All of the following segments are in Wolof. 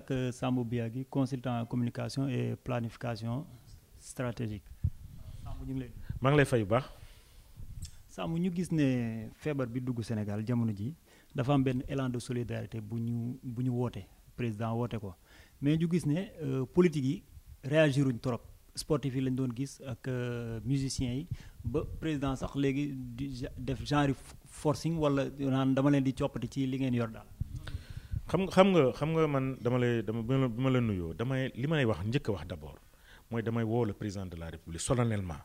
ak euh, Sambou gi consultant communication et planification stratégique. Sambou ñu ngi lay. maa ngi lay fay bu baax. Sambou ñu gis ne feebar bi dugg Sénégal jamono ji dafa am benn élan de solidarité bu ñu bu ñu woote président woote ko mais ñu gis ne euh, politique yi réagiruñ trop. sportif yi lañ doon gis ak euh, musiciens yi ba président sax léegi def genre forcing wala naan dama leen di coppati ci li ngeen yor daal. xam nga xam nga xam nga man dama lay dama bi ma la nuyoo damay li may wax njëkk a wax d'abord mooy damay woo le président de la république solennellement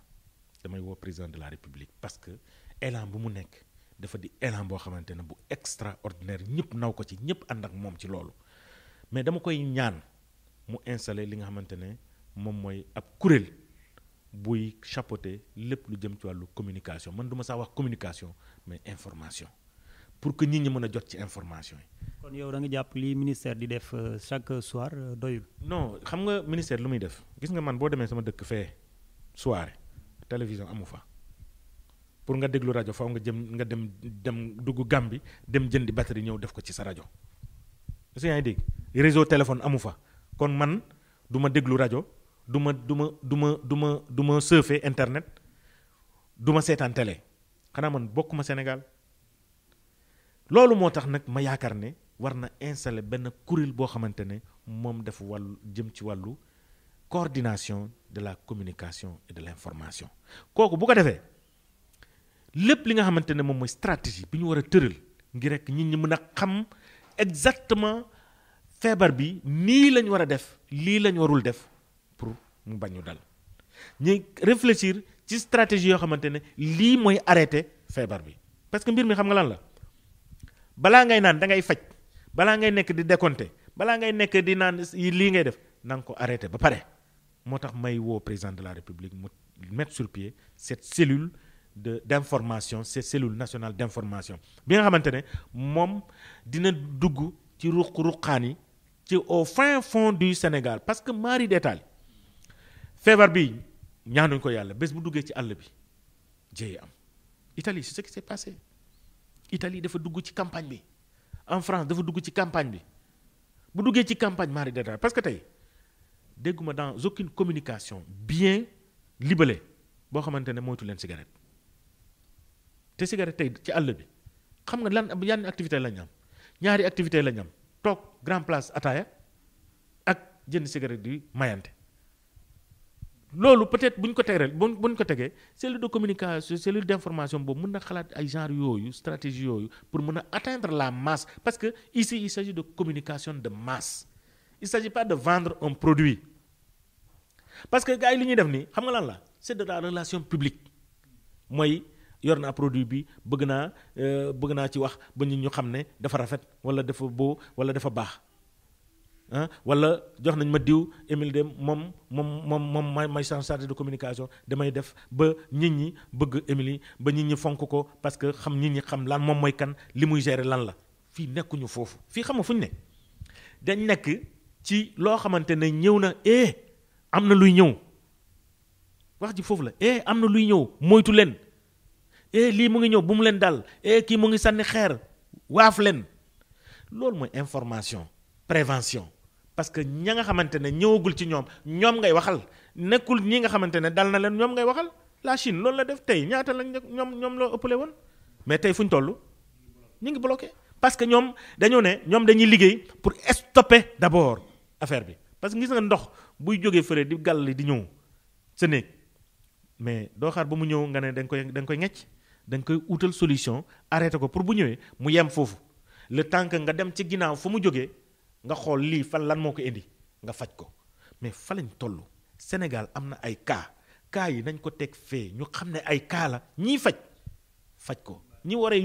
damay woo président de la république parce que élan bu mu nekk dafa di élan boo xamante ne bu extraordinaire ñëpp naw ko ci ñëpp ànd ak moom ci loolu mais dama koy ñaan mu installé li nga xamante ne moom mooy ab kuréel buy chapeauter lépp lu jëm ci wàllu communication man du ma sax wax communication mais information pour que nit ñi mën a jot ci information yi. kon yow da nga jàpp lii ministère di def euh, chaque soir euh, doyul. non xam nga ministère lu muy def gis nga man boo demee sama dëkk fee soirée télévision amu fa pour nga déglu rajo faaw nga jëm nga dem dem dugg Gàmbi dem jëndi batterie ñëw def ko ci sa rajo. est-ce que dégg réseau téléphone amu fa kon man du ma déglu rajo du ma du ma du ma du ma du ma surfer internet duma ma seetaan télé xanaa man bokkuma Sénégal. loolu moo tax nag ma yaakaar ne war na installer benn kuréel boo xamante ne moom defu wàllu jëm ci wàllu coordination de la communication et de l'information kooku bu ko defee lépp li nga xamante ne moom mooy stratégie bi ñu war a tëral ngir rek nit ñi mën a xam exactement feebar bi nii lañ war a def lii lañ warul def pour mu bañu dal ñu réfléchir ci stratégie yoo xamante ne lii mooy arrêter feebar bi parce que mbir mi xam nga lan la balaa ngay naan da ngay faj balaa ngay nekk di décompté balaa ngay nekk di naan lii ngay def nanga ko arrêté ba pare moo tax may woo président de la république mu mettre sur pied cette cellule de d' information cette cellule nationale d' information bi nga xamante ne moom dina dugg ci ruq-ruqaan yi ci au fin fond du Sénégal parce que mari détail feebar bi ñaanuñ ko yàlla bés bu duggee ci àll bi jéey am Italie c'est ce qui s'est passé Italie dafa dugg ci campagne bi en France dafa dugg ci campagne bi bu duggee ci campagne mari de parce que tey dégguma dans aucune communication bien libale boo xamante ne moytu leen cigarette te cigarette tey ci àll bi xam nga lan yan activité lañ am ñaari activité lañ am toog grand place ataaya ak jënd cigarette di mayante loolu peut-être bu ñu ko tegreel bu bu ko tegee cellule de communication cellule d'information boobu mën na xalaat ay genre yooyu stratégie yooyu pour mën a attendre la masse parce que ici il s'agit de communication de masse il s'agit pas de vendre un produit parce que gars yi li ñuy def nii xam nga lan la c'est de la relation publique mooy yor naa produit bi bëgg naa euh, bëgg naa ci wax ba ñu ñu xam ne dafa rafet wala dafa beau wala dafa baax wala jox nañ ma diw Émile Deme moom moom moom moom may may chargé de communication damay def ba nit ñi bëgg Émile ba nit ñi fonk ko parce que xam nit ñi xam lan moom mooy kan li muy gérer lan la fii nekkuñu foofu fii xam fu ñu ne dañ nekk ci loo xamante ne ñëw na eh, am na luy ñëw wax ji foofu la eh, am na luy ñëw moytu leen eh, lii mu ngi ñëw bu mu leen daal kii mu ngi sànni xeer waaf leen loolu mooy information prévention parce que ña nga xamante ne ñëwagul ci ñoom ñoom ngay waxal nekkul ñi nga xamante ne dal na leen ñoom ngay waxal la Chine loolu la def tey ñaata lañ ñoom ñoom loo ëppale woon mais tey fu ñu toll ñu ngi bloqué parce que ñoom dañoo ne ñoom dañuy liggéey pour stopper d'abord affaire bi parce que gis nga ndox buy jógee fële di gàll di ñëw sa néeg mais doo xaar ba mu ñëw nga ne dañ nga koy da nga koy ngecc dañ koy utal solution arrêté ko pour bu ñëwee mu yem foofu le temps que nga dem ci ginnaaw fu mu jógee. nga xool lii fan lan moo ko indi nga faj ko mais fa lañ toll Sénégal am na ay kaa kaa yi nañ ko teg fee ñu xam ne ay kaa la ñii faj faj ko ñi waree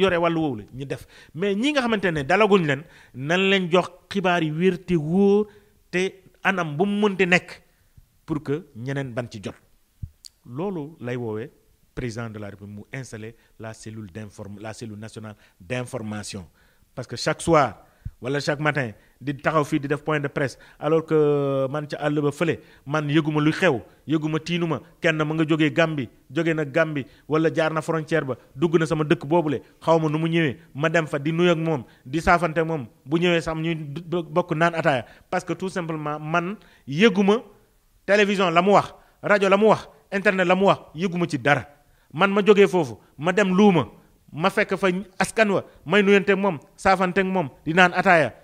yore wallu woow la ñu def mais ñi nga xamante ne dalaguñ leen nan leen jox xibaar yi wér te wóor te anam bu mu mënti nekk pour que ñeneen ban ci jot loolu lay woowee président de la république mu installer la cellule d'inform la cellule nationale d'information parce chaque soir. wala chaque matin di taxaw fii di def point de presse alors que euh, man ca àll ba fële man yëguma lu xew yëguma tiinuma kenn ma nga jógee Gàmbi jóge na Gàmbi wala jaar na frontière ba dugg na sama dëkk boobule xaw ma nu mu ñëwee ma dem fa di nuy ak moom di saafante moom bu ñëwee sam ñuy bokk naan ataaya parce que tout simplement man yëguma télévision la mu wax rajo la mu wax internet la mu wax yëguma ci dara man ma jógee foofu ma dem luuma ma fekk fa askan wa may nuyante moom saafante moom di naan ataaya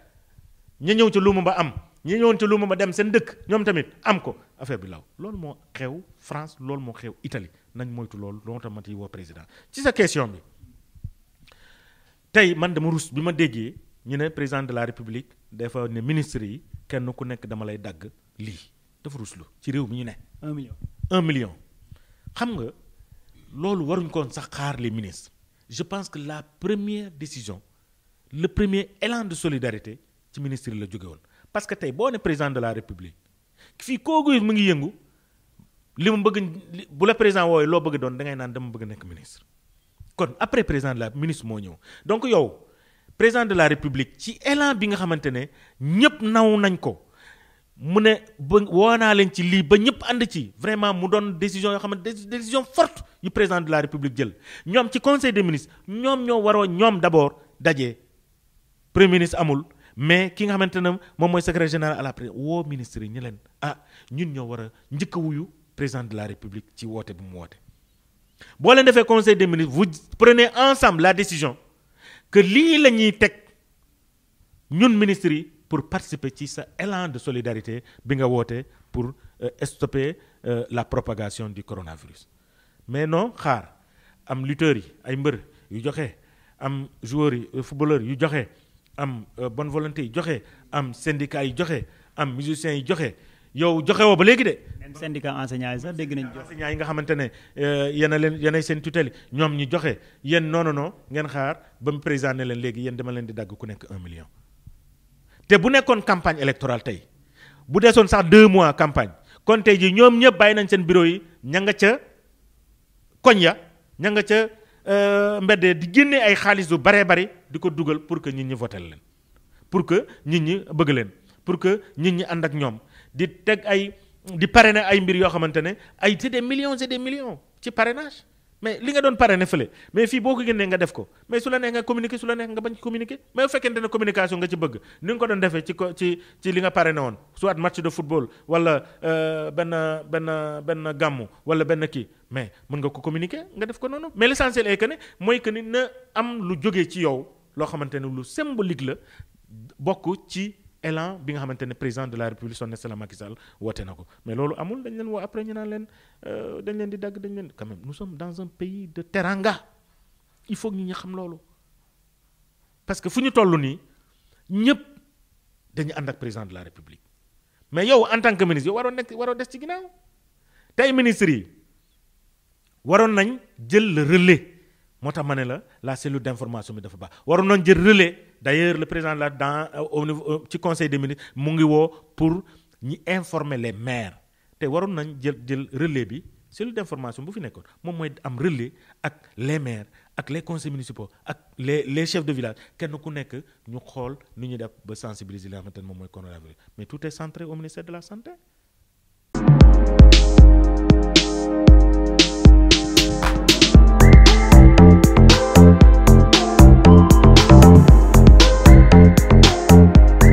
ña ñëw ca luuma ba am ñi ñëwoon ca luuma ba dem seen dëkk ñoom tamit am ko affaire bi law loolu moo xew France loolu moo xew Italie nañ moytu loolu loo tax ma ciy woo président ci sa question bi tey man dama rus bi ma déggee ñu ne président de la république dafa ne ministre yi kenn ku nekk dama lay dagg lii dafa ruslu ci réew mi ñu ne. un un million xam nga loolu waruñ koon sax xaar les ministres. je pense que la première décision le premier élan de solidarité ci ministre la jóge woon parce que tey boo ne président de la république fii koo gis mu ngi yëngu li mu bëgg bu la président wooyee loo bëgg doon dangay ngay naan dama bëgg nekk ministre kon après président de la ministre moo ñëw donc yow président de la république ci élan bi nga xamante ne ñëpp naw nañ ko mu ne ba woo naa leen ci lii ba ñëpp ànd ci vraiment mu doon décision yoo xam ne décision forte yu président de la république jël ñoom ci conseil de ministres ñoom ñoo waroo ñoom d' abord daje premier ministre amul mais ki nga xamante ne moom mooy secrétaire général à la présidence woo ministre yi ñu leen ah ñun ñoo war a njëkk wuyu président de la république ci woote bi mu woote. boo leen defee conseil des ministres vous prenez ensemble la décision que lii la ñuy teg ñun ministres yi. pour participer ci sa élan de solidarité bi nga woote pour euh, stopper euh, la propagation di coronavirus mais non xaar am lutteurs yi ay mbër yu joxe am joueurs yi euh, footballeurs yu joxe am bonne volonté yi joxe am syndicat yi joxe am musiciens yi joxe yow joxe ba léegi de. même syndicat enseignants yi sax dégg nañu yi nga xamante ne yéen leen yéenay seen tutelle ñoom ñu joxe yéen non non ngeen xaar ba mu président ne leen léegi yéen dama leen di dagg ku nekk un million. te bu nekkoon campagne électorale tey bu desoon sax deux mois campagne kon tey jii ñoom ñëpp bàyyi nañ seen bureau yi ña nga ca koñ ya ña nga ca euh, mbedd di génne ay xaalis yu baree bari di ko dugal pour que nit ñi votel leen pour que nit ñi bëgg leen pour que nit ñi ànd ak ñoom di teg ay di pare na ay mbir yoo xamante ne ay c'est des millions c'est des millions ci parrainage mais li nga doon pare ne fële mais fii boo ko génnee nga def ko mais su la neex nga communiquer su la neex nga bañ communiquer mais bu fekkente ne communication nga ci bëgg ni nga ko doon defee euh, benn benn benn gàmmu wala benn kii mais mën nga ko communiquer nga def ko noonu mais l'essentiel est que ne mooy que ni na am lu jógee ci yow loo xamante ne lu symbolique la bokk ci. élan bi nga xamante ne président de la république son excellence Macky Sall woote na ko mais loolu amul dañ leen woo après ñu naan leen euh, dañ leen di dagg dañ leen quand même nous sommes dans un pays de teranga il faut ñu ñu xam loolu parce que fu ñu toll nii ñëpp dañu ànd ak président de la république mais yow en tant que ministre yow waroo nekk waroo des ci ginnaaw tey ministre yi waroon nañ jël le relais moo tax ma ne la la cellule d'information bi dafa baax waroon nañ jël relais. d'ailleurs le président là dans euh, au niveau euh, ci conseil de ministres mu ngi woo pour ñi informer les maires te waroon nañ jël jël relais bi cellule d'information bu fi nekkoon moom mooy am relais ak les maires ak les conseils municipaux ak les les chefs de village kenn ku nekk ñu xool nu ñuy def ba sensibiliser li nga xamante ne moom mooy coronavirus mais tout est centré au ministère de la santé.